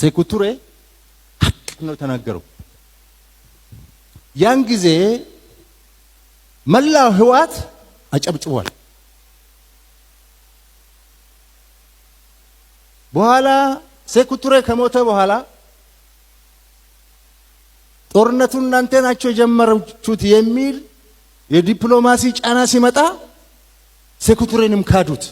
ሴኩቱሬ ሀቅ ነው የተናገረው። ያን ጊዜ መላው ህዋት አጨብጭቧል። በኋላ ሴኩቱሬ ከሞተ በኋላ ጦርነቱን እናንተ ናቸው የጀመረችሁት የሚል የዲፕሎማሲ ጫና ሲመጣ ሴኩቱሬንም ካዱት።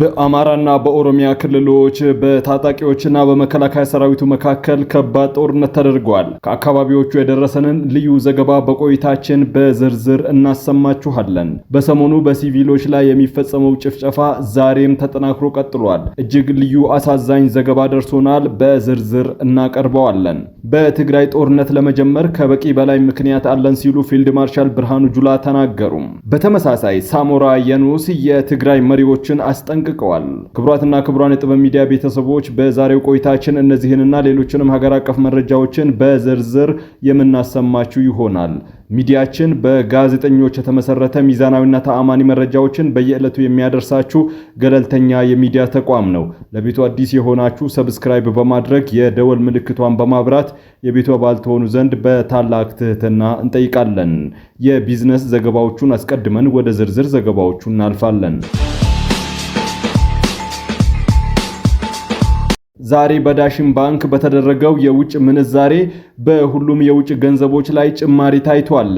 በአማራና በኦሮሚያ ክልሎች በታጣቂዎችና በመከላከያ ሰራዊቱ መካከል ከባድ ጦርነት ተደርጓል። ከአካባቢዎቹ የደረሰንን ልዩ ዘገባ በቆይታችን በዝርዝር እናሰማችኋለን። በሰሞኑ በሲቪሎች ላይ የሚፈጸመው ጭፍጨፋ ዛሬም ተጠናክሮ ቀጥሏል። እጅግ ልዩ አሳዛኝ ዘገባ ደርሶናል፣ በዝርዝር እናቀርበዋለን። በትግራይ ጦርነት ለመጀመር ከበቂ በላይ ምክንያት አለን ሲሉ ፊልድ ማርሻል ብርሃኑ ጁላ ተናገሩ። በተመሳሳይ ሳሞራ የኑስ የትግራይ መሪዎችን አስጠንቅ አስጠንቅቀዋል። ክቡራትና ክቡራን የጥበብ ሚዲያ ቤተሰቦች በዛሬው ቆይታችን እነዚህንና ሌሎችንም ሀገር አቀፍ መረጃዎችን በዝርዝር የምናሰማችሁ ይሆናል። ሚዲያችን በጋዜጠኞች የተመሰረተ ሚዛናዊና ተአማኒ መረጃዎችን በየዕለቱ የሚያደርሳችሁ ገለልተኛ የሚዲያ ተቋም ነው። ለቤቱ አዲስ የሆናችሁ ሰብስክራይብ በማድረግ የደወል ምልክቷን በማብራት የቤቱ አባል ትሆኑ ዘንድ በታላቅ ትህትና እንጠይቃለን። የቢዝነስ ዘገባዎቹን አስቀድመን ወደ ዝርዝር ዘገባዎቹ እናልፋለን። ዛሬ በዳሽን ባንክ በተደረገው የውጭ ምንዛሬ በሁሉም የውጭ ገንዘቦች ላይ ጭማሪ ታይቷል።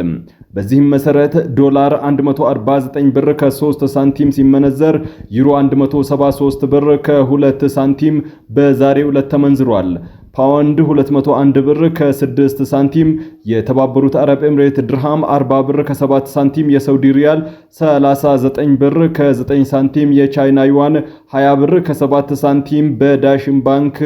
በዚህም መሰረት ዶላር 149 ብር ከ3 ሳንቲም ሲመነዘር ዩሮ 173 ብር ከ2 ሳንቲም በዛሬው ዕለት ተመንዝሯል። ፓውንድ 201 ብር ከ6 ሳንቲም የተባበሩት አረብ ኤምሬት ድርሃም 40 ብር ከ7 ሳንቲም፣ የሳውዲ ሪያል 39 ብር ከ9 ሳንቲም፣ የቻይና ዩዋን 20 ብር ከ7 ሳንቲም በዳሽን ባንክ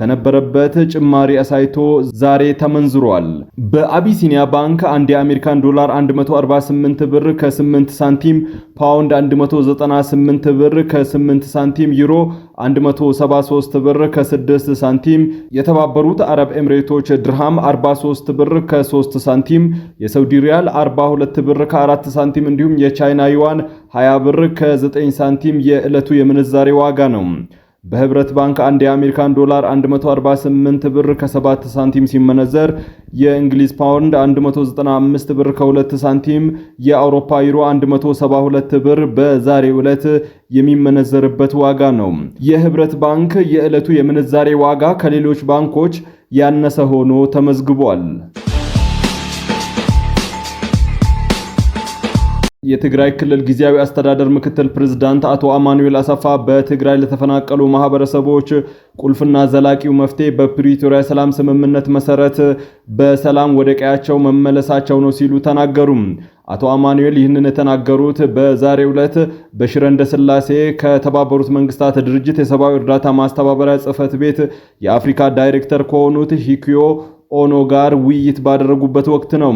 ከነበረበት ጭማሪ አሳይቶ ዛሬ ተመንዝሯል። በአቢሲኒያ ባንክ አንድ የአሜሪካን ዶላር 148 ብር ከ8 ሳንቲም፣ ፓውንድ 198 ብር ከ8 ሳንቲም፣ ዩሮ 173 ብር ከ6 ሳንቲም፣ የተባበሩት አረብ ኤምሬቶች ድርሃም 43 ብር ከ ከ ሳንቲም፣ የሳውዲ ሪያል 42 ብር ከ4 ሳንቲም እንዲሁም የቻይና ዩዋን 20 ብር ከ9 ሳንቲም የዕለቱ የምንዛሬ ዋጋ ነው። በህብረት ባንክ አንድ የአሜሪካን ዶላር 148 ብር ከ7 ሳንቲም ሲመነዘር የእንግሊዝ ፓውንድ 195 ብር ከ2 ሳንቲም፣ የአውሮፓ ዩሮ 172 ብር በዛሬ ዕለት የሚመነዘርበት ዋጋ ነው። የህብረት ባንክ የዕለቱ የምንዛሬ ዋጋ ከሌሎች ባንኮች ያነሰ ሆኖ ተመዝግቧል። የትግራይ ክልል ጊዜያዊ አስተዳደር ምክትል ፕሬዝዳንት አቶ አማኑኤል አሰፋ በትግራይ ለተፈናቀሉ ማህበረሰቦች ቁልፍና ዘላቂው መፍትሄ በፕሪቶሪያ ሰላም ስምምነት መሰረት በሰላም ወደ ቀያቸው መመለሳቸው ነው ሲሉ ተናገሩም። አቶ አማኑኤል ይህንን የተናገሩት በዛሬው ዕለት በሽረ እንዳስላሴ ከተባበሩት መንግስታት ድርጅት የሰብአዊ እርዳታ ማስተባበሪያ ጽህፈት ቤት የአፍሪካ ዳይሬክተር ከሆኑት ሂኪዮ ኦኖ ጋር ውይይት ባደረጉበት ወቅት ነው።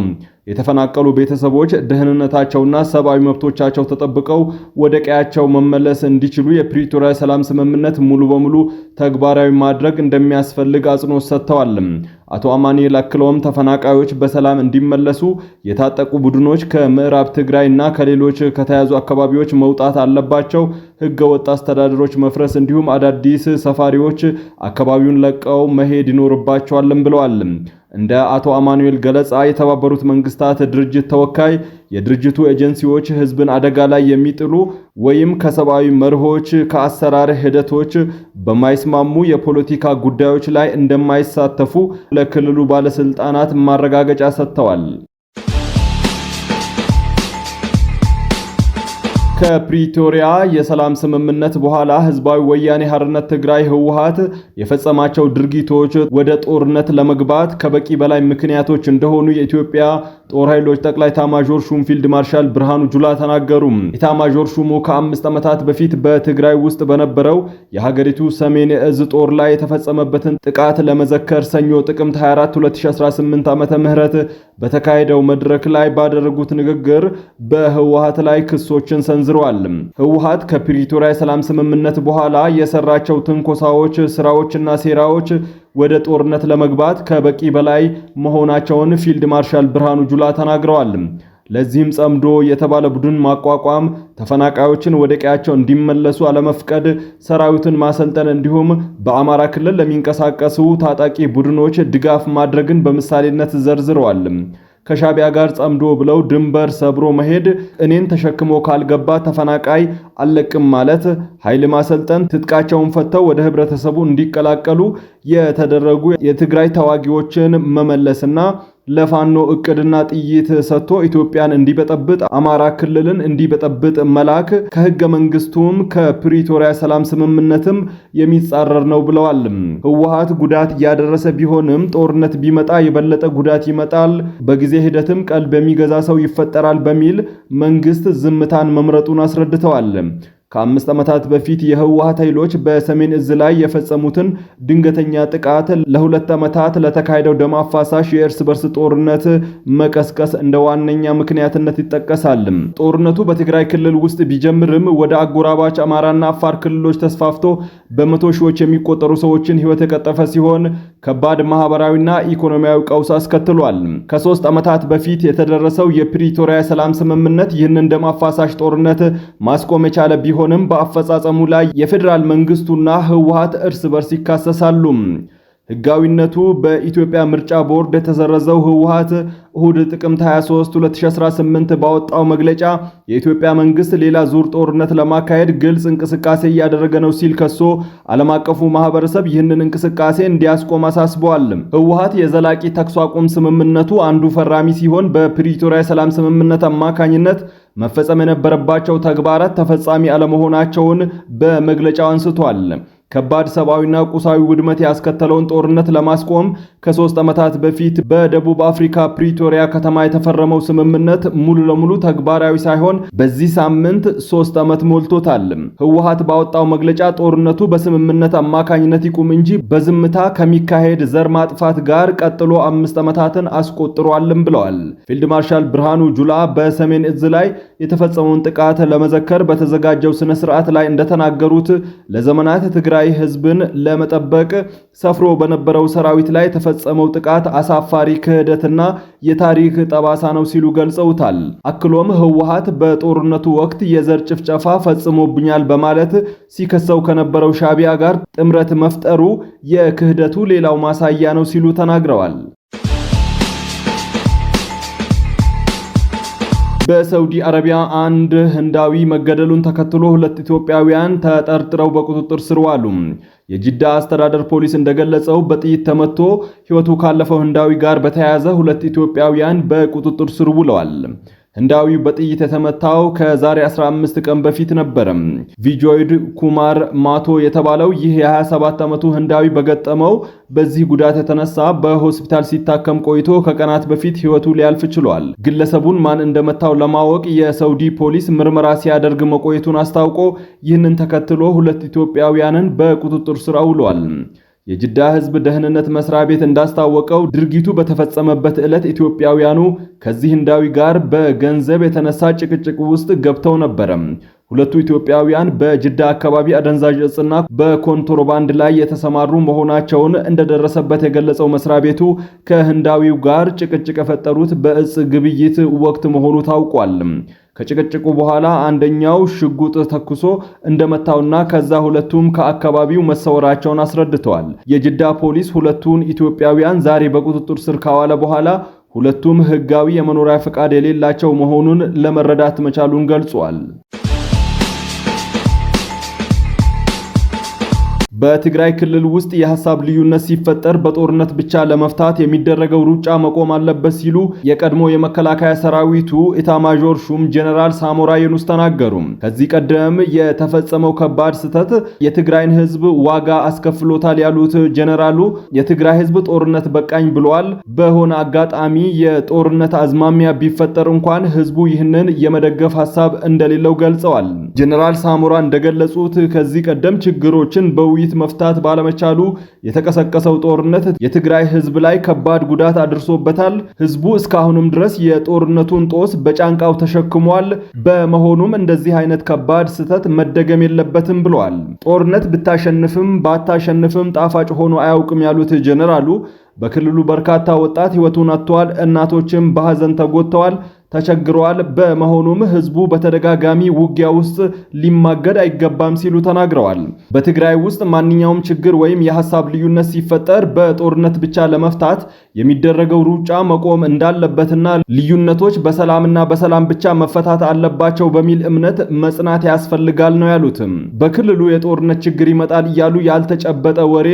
የተፈናቀሉ ቤተሰቦች ደህንነታቸውና ሰብአዊ መብቶቻቸው ተጠብቀው ወደ ቀያቸው መመለስ እንዲችሉ የፕሪቶሪያ ሰላም ስምምነት ሙሉ በሙሉ ተግባራዊ ማድረግ እንደሚያስፈልግ አጽንኦት ሰጥተዋል። አቶ አማኑኤል አክለውም ተፈናቃዮች በሰላም እንዲመለሱ የታጠቁ ቡድኖች ከምዕራብ ትግራይ እና ከሌሎች ከተያዙ አካባቢዎች መውጣት አለባቸው። ህገወጥ ወጥ አስተዳደሮች መፍረስ፣ እንዲሁም አዳዲስ ሰፋሪዎች አካባቢውን ለቀው መሄድ ይኖርባቸዋልም ብለዋል። እንደ አቶ አማኑኤል ገለጻ የተባበሩት መንግስታት ድርጅት ተወካይ የድርጅቱ ኤጀንሲዎች ህዝብን አደጋ ላይ የሚጥሉ ወይም ከሰብአዊ መርሆች፣ ከአሰራር ሂደቶች በማይስማሙ የፖለቲካ ጉዳዮች ላይ እንደማይሳተፉ ለክልሉ ባለስልጣናት ማረጋገጫ ሰጥተዋል። ከፕሪቶሪያ የሰላም ስምምነት በኋላ ህዝባዊ ወያኔ ሀርነት ትግራይ ህወሀት የፈጸማቸው ድርጊቶች ወደ ጦርነት ለመግባት ከበቂ በላይ ምክንያቶች እንደሆኑ የኢትዮጵያ ጦር ኃይሎች ጠቅላይ ታማዦር ሹም ፊልድ ማርሻል ብርሃኑ ጁላ ተናገሩ። የታማዦር ሹሙ ከአምስት ዓመታት በፊት በትግራይ ውስጥ በነበረው የሀገሪቱ ሰሜን እዝ ጦር ላይ የተፈጸመበትን ጥቃት ለመዘከር ሰኞ ጥቅምት 24 2018 ም በተካሄደው መድረክ ላይ ባደረጉት ንግግር በህወሀት ላይ ክሶችን ሰንዝረዋል። ህወሀት ከፕሪቶሪያ የሰላም ስምምነት በኋላ የሰራቸው ትንኮሳዎች፣ ስራዎችና ሴራዎች ወደ ጦርነት ለመግባት ከበቂ በላይ መሆናቸውን ፊልድ ማርሻል ብርሃኑ ጁላ ተናግረዋል። ለዚህም ጸምዶ የተባለ ቡድን ማቋቋም፣ ተፈናቃዮችን ወደ ቀያቸው እንዲመለሱ አለመፍቀድ፣ ሰራዊትን ማሰልጠን እንዲሁም በአማራ ክልል ለሚንቀሳቀሱ ታጣቂ ቡድኖች ድጋፍ ማድረግን በምሳሌነት ዘርዝረዋል። ከሻቢያ ጋር ጸምዶ ብለው ድንበር ሰብሮ መሄድ፣ እኔን ተሸክሞ ካልገባ ተፈናቃይ አለቅም ማለት፣ ኃይል ማሰልጠን፣ ትጥቃቸውን ፈተው ወደ ህብረተሰቡ እንዲቀላቀሉ የተደረጉ የትግራይ ተዋጊዎችን መመለስና ለፋኖ እቅድና ጥይት ሰጥቶ ኢትዮጵያን እንዲበጠብጥ አማራ ክልልን እንዲበጠብጥ መላክ ከህገ መንግስቱም ከፕሪቶሪያ ሰላም ስምምነትም የሚጻረር ነው ብለዋል። ህወሓት ጉዳት እያደረሰ ቢሆንም ጦርነት ቢመጣ የበለጠ ጉዳት ይመጣል፣ በጊዜ ሂደትም ቀልብ የሚገዛ ሰው ይፈጠራል በሚል መንግስት ዝምታን መምረጡን አስረድተዋል። ከአምስት ዓመታት በፊት የህወሀት ኃይሎች በሰሜን እዝ ላይ የፈጸሙትን ድንገተኛ ጥቃት ለሁለት ዓመታት ለተካሄደው ደም አፋሳሽ የእርስ በርስ ጦርነት መቀስቀስ እንደ ዋነኛ ምክንያትነት ይጠቀሳል። ጦርነቱ በትግራይ ክልል ውስጥ ቢጀምርም ወደ አጎራባች አማራና አፋር ክልሎች ተስፋፍቶ በመቶ ሺዎች የሚቆጠሩ ሰዎችን ህይወት የቀጠፈ ሲሆን ከባድ ማህበራዊና ኢኮኖሚያዊ ቀውስ አስከትሏል። ከሶስት ዓመታት በፊት የተደረሰው የፕሪቶሪያ ሰላም ስምምነት ይህንን ደም አፋሳሽ ጦርነት ማስቆም የቻለ ቢሆንም በአፈጻጸሙ ላይ የፌዴራል መንግስቱና ህወሀት እርስ በርስ ይካሰሳሉ። ህጋዊነቱ በኢትዮጵያ ምርጫ ቦርድ የተሰረዘው ህወሀት እሁድ ጥቅምት 23 2018 ባወጣው መግለጫ የኢትዮጵያ መንግስት ሌላ ዙር ጦርነት ለማካሄድ ግልጽ እንቅስቃሴ እያደረገ ነው ሲል ከሶ ዓለም አቀፉ ማህበረሰብ ይህንን እንቅስቃሴ እንዲያስቆም አሳስበዋል። ህወሀት የዘላቂ ተኩስ አቁም ስምምነቱ አንዱ ፈራሚ ሲሆን በፕሪቶሪያ የሰላም ስምምነት አማካኝነት መፈጸም የነበረባቸው ተግባራት ተፈጻሚ አለመሆናቸውን በመግለጫው አንስቷል። ከባድ ሰብአዊና ቁሳዊ ውድመት ያስከተለውን ጦርነት ለማስቆም ከሶስት ዓመታት በፊት በደቡብ አፍሪካ ፕሪቶሪያ ከተማ የተፈረመው ስምምነት ሙሉ ለሙሉ ተግባራዊ ሳይሆን በዚህ ሳምንት ሶስት ዓመት ሞልቶታል። ህወሀት ባወጣው መግለጫ ጦርነቱ በስምምነት አማካኝነት ይቁም እንጂ በዝምታ ከሚካሄድ ዘር ማጥፋት ጋር ቀጥሎ አምስት ዓመታትን አስቆጥሯልም ብለዋል። ፊልድ ማርሻል ብርሃኑ ጁላ በሰሜን እዝ ላይ የተፈጸመውን ጥቃት ለመዘከር በተዘጋጀው ስነ ስርዓት ላይ እንደተናገሩት ለዘመናት የትግራይ ህዝብን ለመጠበቅ ሰፍሮ በነበረው ሰራዊት ላይ የተፈጸመው ጥቃት አሳፋሪ ክህደትና የታሪክ ጠባሳ ነው ሲሉ ገልጸውታል። አክሎም ህወሓት በጦርነቱ ወቅት የዘር ጭፍጨፋ ፈጽሞብኛል በማለት ሲከሰው ከነበረው ሻቢያ ጋር ጥምረት መፍጠሩ የክህደቱ ሌላው ማሳያ ነው ሲሉ ተናግረዋል። በሳውዲ አረቢያ አንድ ህንዳዊ መገደሉን ተከትሎ ሁለት ኢትዮጵያውያን ተጠርጥረው በቁጥጥር ስር ዋሉ። የጅዳ አስተዳደር ፖሊስ እንደገለጸው በጥይት ተመቶ ህይወቱ ካለፈው ህንዳዊ ጋር በተያያዘ ሁለት ኢትዮጵያውያን በቁጥጥር ስር ውለዋል። ህንዳዊው በጥይት የተመታው ከዛሬ 15 ቀን በፊት ነበረ። ቪጆይድ ኩማር ማቶ የተባለው ይህ የ27 ዓመቱ ህንዳዊ በገጠመው በዚህ ጉዳት የተነሳ በሆስፒታል ሲታከም ቆይቶ ከቀናት በፊት ህይወቱ ሊያልፍ ችሏል። ግለሰቡን ማን እንደመታው ለማወቅ የሳውዲ ፖሊስ ምርመራ ሲያደርግ መቆየቱን አስታውቆ ይህንን ተከትሎ ሁለት ኢትዮጵያውያንን በቁጥጥር ስር አውሏል። የጅዳ ህዝብ ደህንነት መስሪያ ቤት እንዳስታወቀው ድርጊቱ በተፈጸመበት ዕለት ኢትዮጵያውያኑ ከዚህ ህንዳዊ ጋር በገንዘብ የተነሳ ጭቅጭቅ ውስጥ ገብተው ነበረ። ሁለቱ ኢትዮጵያውያን በጅዳ አካባቢ አደንዛዥ እጽና በኮንትሮባንድ ላይ የተሰማሩ መሆናቸውን እንደደረሰበት የገለጸው መስሪያ ቤቱ ከህንዳዊው ጋር ጭቅጭቅ የፈጠሩት በእጽ ግብይት ወቅት መሆኑ ታውቋል። ከጭቅጭቁ በኋላ አንደኛው ሽጉጥ ተኩሶ እንደመታውና ከዛ ሁለቱም ከአካባቢው መሰወራቸውን አስረድተዋል። የጅዳ ፖሊስ ሁለቱን ኢትዮጵያውያን ዛሬ በቁጥጥር ስር ካዋለ በኋላ ሁለቱም ሕጋዊ የመኖሪያ ፈቃድ የሌላቸው መሆኑን ለመረዳት መቻሉን ገልጿል። በትግራይ ክልል ውስጥ የሀሳብ ልዩነት ሲፈጠር በጦርነት ብቻ ለመፍታት የሚደረገው ሩጫ መቆም አለበት ሲሉ የቀድሞ የመከላከያ ሰራዊቱ ኢታማዦር ሹም ጄኔራል ሳሞራ የኑስ ተናገሩ። ከዚህ ቀደም የተፈጸመው ከባድ ስህተት የትግራይን ሕዝብ ዋጋ አስከፍሎታል ያሉት ጄኔራሉ የትግራይ ሕዝብ ጦርነት በቃኝ ብሏል። በሆነ አጋጣሚ የጦርነት አዝማሚያ ቢፈጠር እንኳን ሕዝቡ ይህንን የመደገፍ ሀሳብ እንደሌለው ገልጸዋል። ጄኔራል ሳሞራ እንደገለጹት ከዚህ ቀደም ችግሮችን በውይይት መፍታት ባለመቻሉ የተቀሰቀሰው ጦርነት የትግራይ ህዝብ ላይ ከባድ ጉዳት አድርሶበታል። ህዝቡ እስካሁንም ድረስ የጦርነቱን ጦስ በጫንቃው ተሸክሟል። በመሆኑም እንደዚህ አይነት ከባድ ስህተት መደገም የለበትም ብለዋል። ጦርነት ብታሸንፍም ባታሸንፍም ጣፋጭ ሆኖ አያውቅም ያሉት ጀነራሉ በክልሉ በርካታ ወጣት ህይወቱን አጥተዋል። እናቶችም በሐዘን ተጎድተዋል። ተቸግረዋል። በመሆኑም ህዝቡ በተደጋጋሚ ውጊያ ውስጥ ሊማገድ አይገባም ሲሉ ተናግረዋል። በትግራይ ውስጥ ማንኛውም ችግር ወይም የሀሳብ ልዩነት ሲፈጠር በጦርነት ብቻ ለመፍታት የሚደረገው ሩጫ መቆም እንዳለበትና ልዩነቶች በሰላምና በሰላም ብቻ መፈታት አለባቸው በሚል እምነት መጽናት ያስፈልጋል ነው ያሉትም። በክልሉ የጦርነት ችግር ይመጣል እያሉ ያልተጨበጠ ወሬ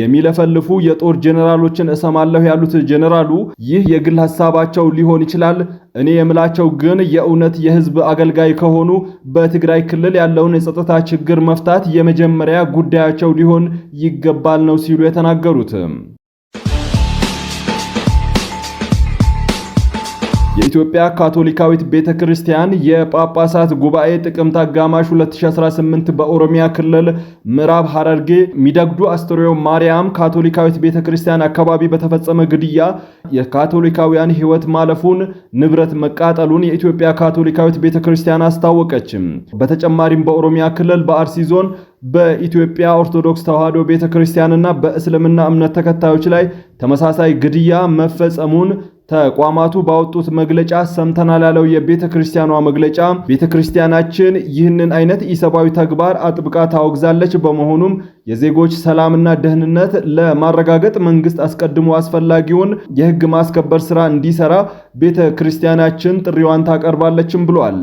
የሚለፈልፉ የጦር ጄኔራሎችን እሰማለሁ ያሉት ጄኔራሉ ይህ የግል ሀሳባቸው ሊሆን ይችላል እኔ የምላቸው ግን የእውነት የህዝብ አገልጋይ ከሆኑ በትግራይ ክልል ያለውን የጸጥታ ችግር መፍታት የመጀመሪያ ጉዳያቸው ሊሆን ይገባል ነው ሲሉ የተናገሩት። የኢትዮጵያ ካቶሊካዊት ቤተ ክርስቲያን የጳጳሳት ጉባኤ ጥቅምት አጋማሽ 2018 በኦሮሚያ ክልል ምዕራብ ሐረርጌ ሚደግዱ አስተርዮ ማርያም ካቶሊካዊት ቤተ ክርስቲያን አካባቢ በተፈጸመ ግድያ የካቶሊካውያን ሕይወት ማለፉን፣ ንብረት መቃጠሉን የኢትዮጵያ ካቶሊካዊት ቤተ ክርስቲያን አስታወቀችም። በተጨማሪም በኦሮሚያ ክልል በአርሲ ዞን በኢትዮጵያ ኦርቶዶክስ ተዋሕዶ ቤተ ክርስቲያንና በእስልምና እምነት ተከታዮች ላይ ተመሳሳይ ግድያ መፈጸሙን ተቋማቱ ባወጡት መግለጫ ሰምተናል ያለው የቤተ ክርስቲያኗ መግለጫ ቤተ ክርስቲያናችን ይህንን አይነት ኢሰብአዊ ተግባር አጥብቃ ታወግዛለች። በመሆኑም የዜጎች ሰላምና ደህንነት ለማረጋገጥ መንግስት አስቀድሞ አስፈላጊውን የህግ ማስከበር ስራ እንዲሰራ ቤተ ክርስቲያናችን ጥሪዋን ታቀርባለችም ብሏል።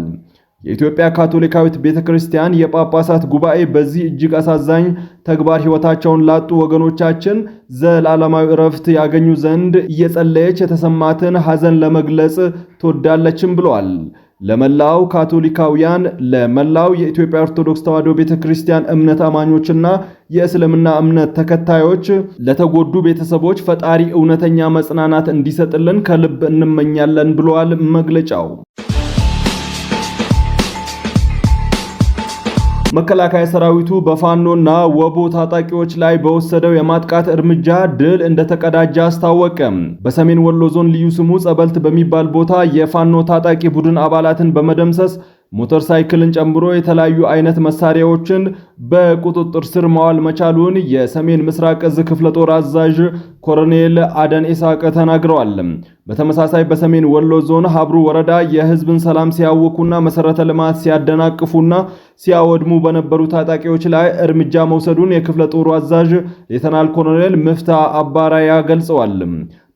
የኢትዮጵያ ካቶሊካዊት ቤተ ክርስቲያን የጳጳሳት ጉባኤ በዚህ እጅግ አሳዛኝ ተግባር ሕይወታቸውን ላጡ ወገኖቻችን ዘላለማዊ እረፍት ያገኙ ዘንድ እየጸለየች የተሰማትን ሐዘን ለመግለጽ ትወዳለችም ብለዋል። ለመላው ካቶሊካውያን፣ ለመላው የኢትዮጵያ ኦርቶዶክስ ተዋሕዶ ቤተ ክርስቲያን እምነት አማኞችና የእስልምና እምነት ተከታዮች፣ ለተጎዱ ቤተሰቦች ፈጣሪ እውነተኛ መጽናናት እንዲሰጥልን ከልብ እንመኛለን ብለዋል መግለጫው። መከላከያ ሰራዊቱ በፋኖና ወቦ ታጣቂዎች ላይ በወሰደው የማጥቃት እርምጃ ድል እንደተቀዳጀ አስታወቀ። በሰሜን ወሎ ዞን ልዩ ስሙ ጸበልት በሚባል ቦታ የፋኖ ታጣቂ ቡድን አባላትን በመደምሰስ ሞተር ሳይክልን ጨምሮ የተለያዩ አይነት መሳሪያዎችን በቁጥጥር ስር ማዋል መቻሉን የሰሜን ምስራቅ እዝ ክፍለ ጦር አዛዥ ኮሎኔል አደን ኢሳቅ ተናግረዋል። በተመሳሳይ በሰሜን ወሎ ዞን ሀብሩ ወረዳ የህዝብን ሰላም ሲያውኩና መሰረተ ልማት ሲያደናቅፉና ሲያወድሙ በነበሩ ታጣቂዎች ላይ እርምጃ መውሰዱን የክፍለ ጦሩ አዛዥ ሌተናል ኮሎኔል ምፍታ አባራያ ገልጸዋል።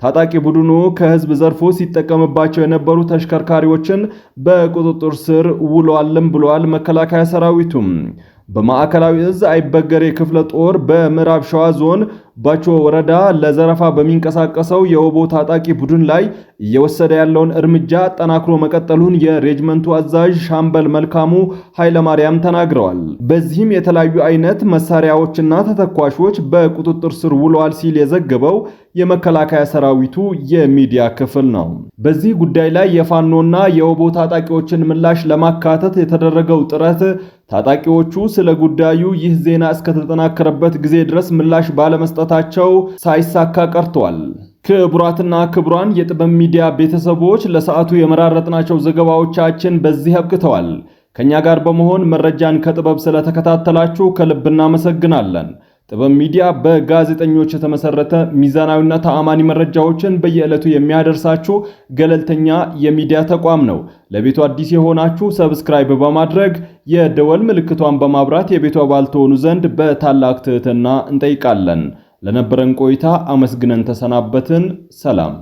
ታጣቂ ቡድኑ ከህዝብ ዘርፎ ሲጠቀምባቸው የነበሩ ተሽከርካሪዎችን በቁጥጥር ስር ውሏልም ብሏል። መከላከያ ሰራዊቱም በማዕከላዊ እዝ አይበገሬ ክፍለ ጦር በምዕራብ ሸዋ ዞን ባቾ ወረዳ ለዘረፋ በሚንቀሳቀሰው የኦቦ ታጣቂ ቡድን ላይ እየወሰደ ያለውን እርምጃ አጠናክሮ መቀጠሉን የሬጅመንቱ አዛዥ ሻምበል መልካሙ ኃይለማርያም ተናግረዋል። በዚህም የተለያዩ አይነት መሳሪያዎችና ተተኳሾች በቁጥጥር ስር ውለዋል ሲል የዘገበው የመከላከያ ሰራዊቱ የሚዲያ ክፍል ነው። በዚህ ጉዳይ ላይ የፋኖና የኦቦ ታጣቂዎችን ምላሽ ለማካተት የተደረገው ጥረት ታጣቂዎቹ ስለ ጉዳዩ ይህ ዜና እስከተጠናከረበት ጊዜ ድረስ ምላሽ ባለመስጠት መስጠታቸው ሳይሳካ ቀርቷል። ክቡራትና ክቡራን የጥበብ ሚዲያ ቤተሰቦች ለሰዓቱ የመራረጥናቸው ዘገባዎቻችን በዚህ አብቅተዋል። ከእኛ ጋር በመሆን መረጃን ከጥበብ ስለተከታተላችሁ ከልብ እናመሰግናለን። ጥበብ ሚዲያ በጋዜጠኞች የተመሰረተ ሚዛናዊና ተአማኒ መረጃዎችን በየዕለቱ የሚያደርሳችሁ ገለልተኛ የሚዲያ ተቋም ነው። ለቤቱ አዲስ የሆናችሁ ሰብስክራይብ በማድረግ የደወል ምልክቷን በማብራት የቤቱ አባል ትሆኑ ዘንድ በታላቅ ትህትና እንጠይቃለን። ለነበረን ቆይታ አመስግነን ተሰናበትን። ሰላም